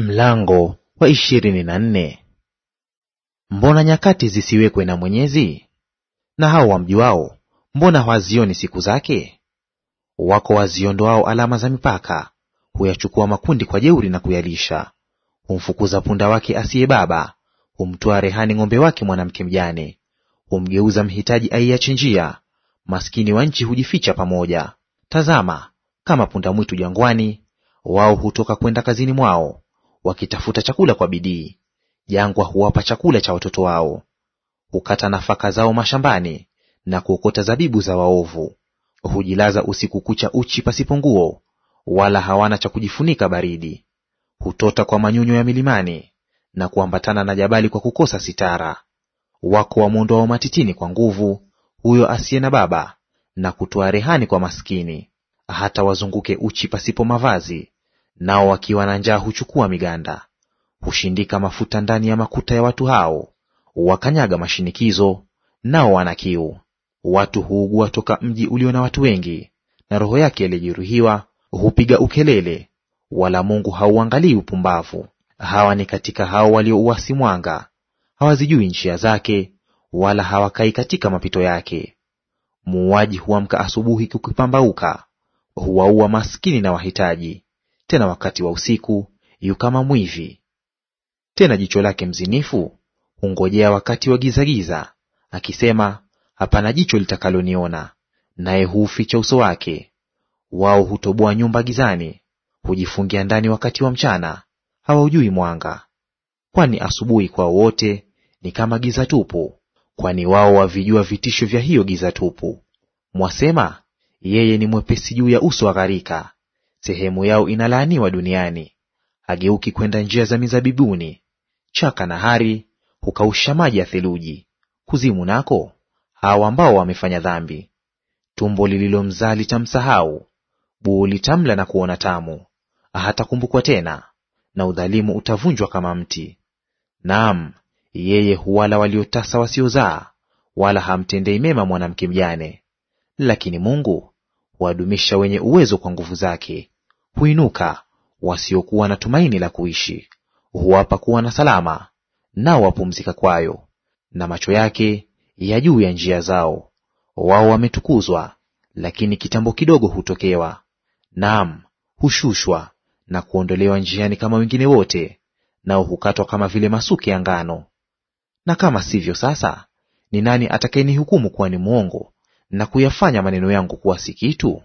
Mlango wa ishirini na nne. Mbona nyakati zisiwekwe na Mwenyezi? Na hao wamjuao mbona hawazioni siku zake? Wako waziondoao alama za mipaka, huyachukua makundi kwa jeuri na kuyalisha. Humfukuza punda wake asiye baba, humtoa rehani ng'ombe wake mwanamke mjane. Humgeuza mhitaji aiache njia, maskini wa nchi hujificha pamoja. Tazama, kama punda mwitu jangwani, wao hutoka kwenda kazini mwao wakitafuta chakula kwa bidii; jangwa huwapa chakula cha watoto wao. Hukata nafaka zao mashambani na kuokota zabibu za waovu. Hujilaza usiku kucha uchi pasipo nguo, wala hawana cha kujifunika baridi. Hutota kwa manyunyo ya milimani na kuambatana na jabali kwa kukosa sitara. Wako wamwondoao matitini kwa nguvu, huyo asiye na baba, na kutoa rehani kwa maskini. Hata wazunguke uchi pasipo mavazi, nao wakiwa na njaa huchukua miganda, hushindika mafuta ndani ya makuta ya watu hao, wakanyaga mashinikizo, nao wana kiu. Watu huugua toka mji ulio na watu wengi, na roho yake aliyejeruhiwa hupiga ukelele, wala Mungu hauangalii upumbavu. Hawa ni katika hao waliouasi mwanga, hawazijui njia zake, wala hawakai katika mapito yake. Muuaji huamka asubuhi kukipambauka, huwaua maskini na wahitaji, tena wakati wa usiku yu kama mwivi. Tena jicho lake mzinifu hungojea wakati wa gizagiza, akisema, hapana jicho litakaloniona; naye huuficha uso wake. Wao hutoboa nyumba gizani, hujifungia ndani wakati wa mchana, hawaujui mwanga. Kwani asubuhi kwao wote ni kama giza tupu, kwani wao wavijua vitisho vya hiyo giza tupu. Mwasema, yeye ni mwepesi juu ya uso wa gharika, Sehemu yao inalaaniwa duniani, hageuki kwenda njia za mizabibuni. Chaka na hari hukausha maji ya theluji. Kuzimu nako hawa ambao wamefanya dhambi. Tumbo lililomzaa litamsahau, buu litamla na kuona tamu. Hatakumbukwa tena, na udhalimu utavunjwa kama mti. Naam, yeye huwala waliotasa wasiozaa, wala hamtendei mema mwanamke mjane. Lakini Mungu huwadumisha wenye uwezo kwa nguvu zake, huinuka wasiokuwa na tumaini la kuishi; huwapa kuwa na salama, nao wapumzika kwayo, na macho yake ya juu ya njia zao. Wao wametukuzwa, lakini kitambo kidogo hutokewa; naam, hushushwa na kuondolewa njiani kama wengine wote, nao hukatwa kama vile masuke ya ngano. Na kama sivyo, sasa ni nani atakayenihukumu kuwa ni mwongo na kuyafanya maneno yangu kuwa si kitu?